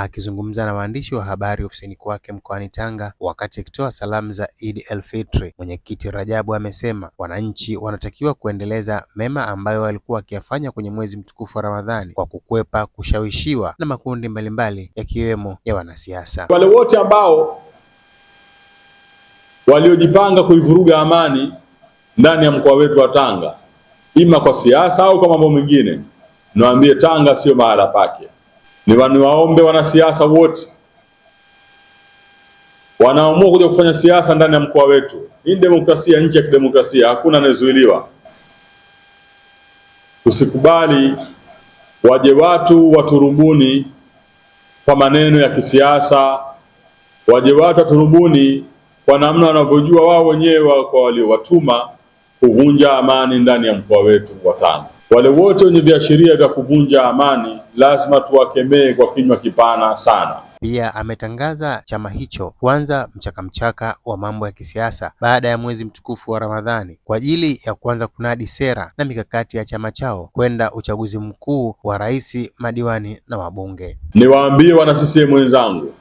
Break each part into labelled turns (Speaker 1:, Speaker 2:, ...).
Speaker 1: akizungumza na waandishi wa habari ofisini kwake mkoani Tanga wakati akitoa salamu za Eid el-Fitri, mwenyekiti Rajabu amesema wananchi wanatakiwa kuendeleza mema ambayo walikuwa wakiyafanya kwenye mwezi mtukufu wa Ramadhani kwa kukwepa kushawishiwa na makundi mbalimbali yakiwemo ya wanasiasa.
Speaker 2: Wale wote ambao waliojipanga kuivuruga amani ndani ya mkoa wetu wa Tanga, ima kwa siasa au kwa mambo mengine, niwaambie Tanga sio mahala pake. Niwaombe wanasiasa wote wanaamua kuja kufanya siasa ndani ya mkoa wetu. Hii demokrasia, nchi ya kidemokrasia, hakuna anayezuiliwa. Tusikubali waje watu waturubuni kwa maneno ya kisiasa, waje watu waturubuni kwa namna wanavyojua wao wenyewe kwa waliowatuma kuvunja amani ndani ya mkoa wetu wa Tanga. Wale wote wenye viashiria vya kuvunja amani lazima tuwakemee kwa kinywa kipana sana.
Speaker 1: Pia ametangaza chama hicho kuanza mchakamchaka wa mambo ya kisiasa baada ya mwezi mtukufu wa Ramadhani kwa ajili ya kuanza kunadi sera na mikakati ya chama chao kwenda uchaguzi mkuu wa rais, madiwani na wabunge.
Speaker 2: Niwaambie wana CCM wenzangu,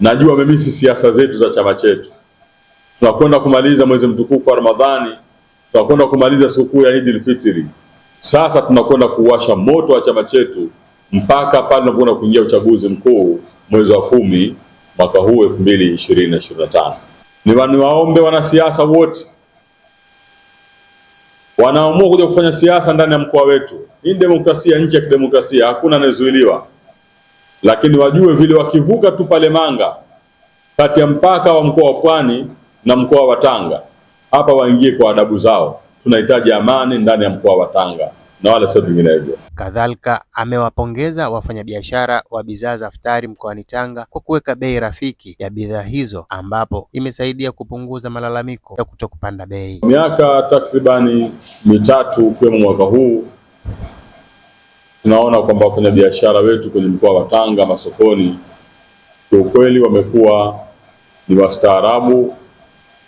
Speaker 2: najua wamemisi siasa zetu za chama chetu. Tunakwenda kumaliza mwezi mtukufu wa Ramadhani, tunakwenda kumaliza sikukuu ya Idil Fitri. Sasa tunakwenda kuwasha moto wa chama chetu mpaka pale tunapokwenda kuingia uchaguzi mkuu mwezi wa kumi mwaka huu elfu mbili ishirini na ishirini na tano. Niwaombe wanasiasa wote wanaamua kuja kufanya siasa ndani ya mkoa wetu. Hii demokrasia, nchi ya kidemokrasia, hakuna anayezuiliwa, lakini wajue vile wakivuka tu pale Manga, kati ya mpaka wa mkoa wa Pwani na mkoa wa Tanga, hapa waingie kwa adabu zao tunahitaji amani ndani ya mkoa wa Tanga na wala sio vinginevyo.
Speaker 1: Kadhalika amewapongeza wafanyabiashara wa bidhaa za futari mkoani Tanga kwa kuweka bei rafiki ya bidhaa hizo, ambapo imesaidia kupunguza malalamiko ya kutokupanda bei.
Speaker 2: Miaka takribani mitatu ukiwemo mwaka huu, tunaona kwamba wafanyabiashara wetu kwenye mkoa wa Tanga masokoni, kwa kweli wamekuwa ni wastaarabu,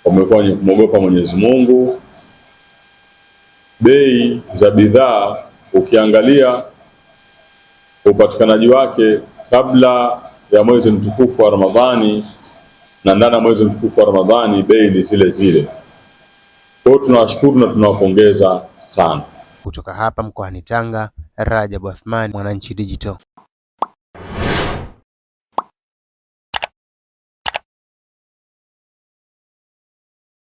Speaker 2: wamekuwa wenye kumwogopa Mwenyezi Mungu bei za bidhaa ukiangalia upatikanaji wake kabla ya mwezi mtukufu wa Ramadhani na ndani ya mwezi mtukufu wa Ramadhani, bei ni zile zile. Kwa hiyo tunawashukuru na tunawapongeza sana.
Speaker 1: Kutoka hapa mkoani Tanga, Rajab Athmani, Mwananchi Digital.